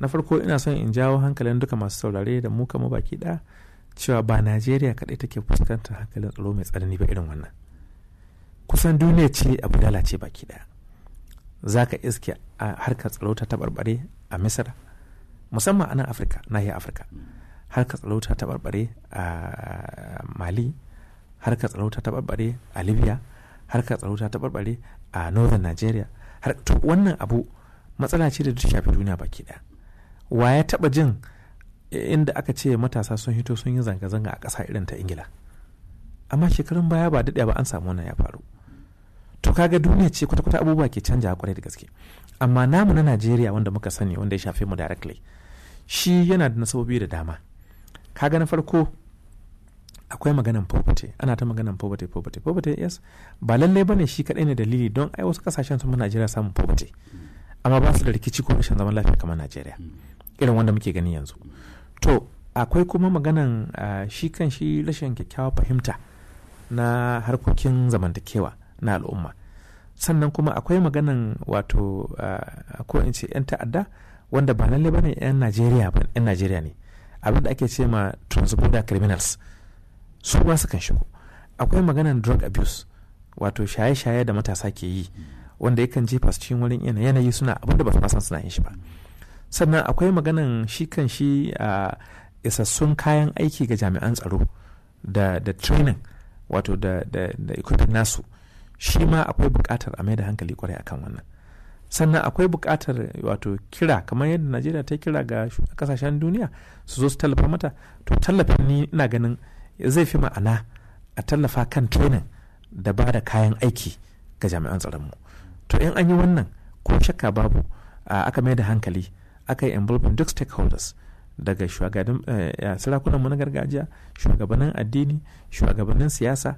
na farko ina son in jawo hankalin duka masu saurare da mu kama baki da cewa ba najeriya kaɗai take fuskantar hankalin tsaro mai tsanani ba irin wannan kusan duniya ce abu ce baki ɗaya za ka iske a harkar tsaro ta taɓarɓare a misira musamman a nan afirka nahiyar afirka harkar tsaro ta taɓarɓare a mali harkar tsaro ta taɓarɓare a libya harkar tsaro ta taɓarɓare a northern nigeria wannan abu matsala ce da ta shafi duniya baki ɗaya wa ya taba jin inda aka ce matasa sun hito sun yi zanga-zanga a ƙasa irin ta ingila amma shekarun baya ba daɗe ba an samu wannan ya faru to kaga duniya ce kwata-kwata abubuwa ke canja kwarai da gaske amma namu na najeriya wanda muka sani wanda ya shafe mu directly shi yana da nasabobi da dama kaga na farko akwai maganan poverty ana ta maganan poverty poverty poverty yes ba lallai bane shi kadai ne dalili don ai wasu kasashen sun najeriya samun poverty amma ba su da rikici ko rashin zaman lafiya kamar najeriya hmm. irin wanda muke gani yanzu to akwai kuma maganan ah, shi kan shi rashin kyakkyawa fahimta na harkokin zamantakewa na al'umma sannan kuma akwai maganan wato ah, ko in ce 'yan ta'adda wanda ba lalle ba ne 'yan najeriya ba 'yan najeriya ne abin da ake ce ma transborder criminals su su kan shigo akwai maganan drug abuse wato shaye-shaye da matasa ke yi mm. wanda yakan jefa su cikin wurin yanayi suna abinda da ba su san suna yin shi ba sannan akwai maganan shi kan shi a isassun kayan aiki ga jami'an tsaro da da training wato da da da equipment nasu shi ma akwai bukatar a mai da hankali kwarai akan wannan sannan akwai bukatar wato kira kamar yadda najeriya ta kira ga kasashen duniya su zo su tallafa mata to tallafin ni ina ganin zai fi ma'ana a tallafa kan training da ba da kayan aiki ga jami'an tsaron mu. to in an yi wannan ko shakka babu aka mai da hankali aka yi involving duk stakeholders daga shugabannin eh, mu na gargajiya shugabannin addini shugabannin siyasa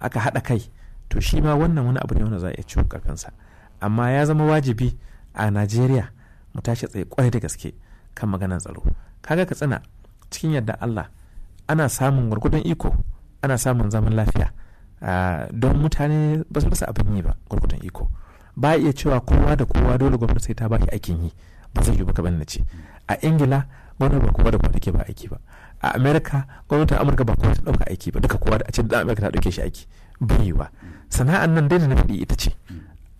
aka haɗa kai to shi ma wannan wani abu ne wanda za a iya ciwo karfinsa amma ya zama wajibi a najeriya mu tashi tsaye kwarai da gaske kan maganar tsaro kaga ka tsana cikin yadda allah ana samun gwargwadon iko ana samun zaman lafiya don mutane ba su abin yi ba gwargwadon iko ba iya cewa kowa da kowa dole gwamnati sai ta baki aikin yi ba zai yi baka bane ce a ingila gwamnati ba kowa da kowa take ba aiki ba a amerika gwamnatin amurka ba kowa ta dauka aiki ba duka kowa da a ce da amerika ta dauke shi aiki bai ba sana'an nan dai da na faɗi ita ce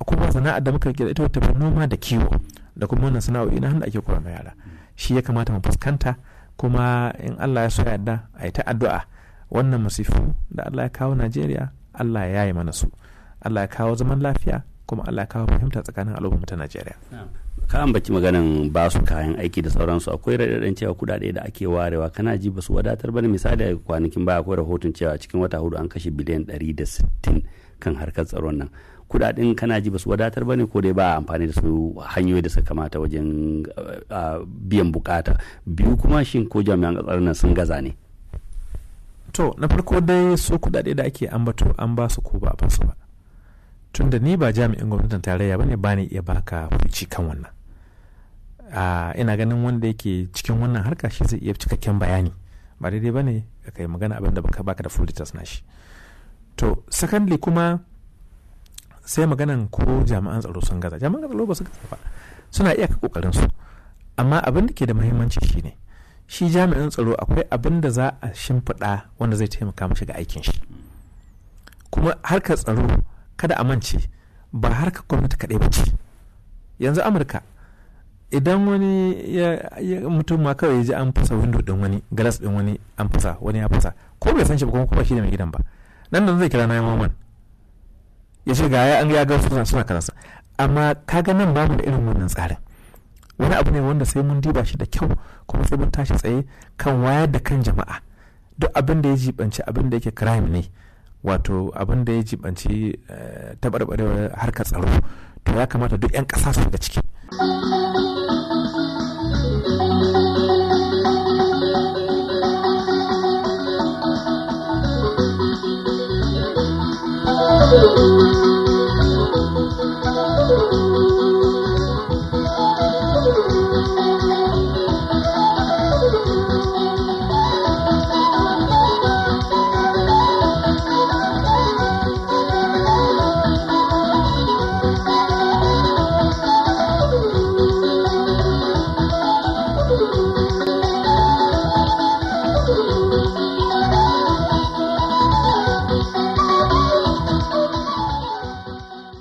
kuma sana'ar da muka rike ita wata noma da kiwo da kuma wannan sana'o'i na hannu ake koya da yara shi ya kamata mu fuskanta kuma in Allah ya so yarda a yi ta addu'a wannan masifu da Allah ya kawo Najeriya Allah ya yi mana su Allah ya kawo zaman lafiya kuma Allah kawo fahimta tsakanin al'umma ta Najeriya. Ka baki maganan ba su kayan aiki da sauransu akwai raɗaɗin cewa kuɗaɗe da ake warewa kana ji ba su wadatar ba misali a kwanakin baya akwai rahoton cewa cikin wata hudu an kashe biliyan ɗari da sittin kan harkar tsaron nan kuɗaɗen kana ji ba su wadatar bane ko dai ba amfani da su hanyoyi da suka kamata wajen biyan bukata biyu kuma shin ko jami'an tsaron nan sun gaza ne. to na farko dai su kuɗaɗe da ake ambato an ba su ko ba a ba su ba tun da ni ba jami'in gwamnatin tarayya ba ne ba ni iya baka fuci kan wannan ina ganin wanda yake cikin wannan harka shi zai iya cikakken bayani ba daidai ne ka kai magana abin da baka da full details na shi to secondly kuma sai maganan ko jami'an tsaro sun gaza jami'an tsaro ba su gaza ba suna iya kokarin su amma abin da ke da muhimmanci shine shi jami'in tsaro akwai abin da za a shimfiɗa wanda zai taimaka mashi ga aikin shi kuma harkar tsaro kada a mance ba harkar gwamnati kaɗai ba ce yanzu amurka idan wani mutum ma kawai ya ji an fasa windo din wani glass din wani an fasa wani ya fasa ko bai san shi ba kuma kuma shi ne mai gidan ba nan da zai kira na yamma ya ce ga ya an ya ga suna suna kaza amma kaga nan babu da irin wannan tsarin wani abu ne wanda sai mun diba shi da kyau kuma sai mun tashi tsaye kan wayar da kan jama'a duk abin da ya jibanci abin da yake crime ne wato abin da ya jibanci eh, taɓarɓarewar harkar tsaro to ya kamata duk 'yan ƙasa su daga ciki.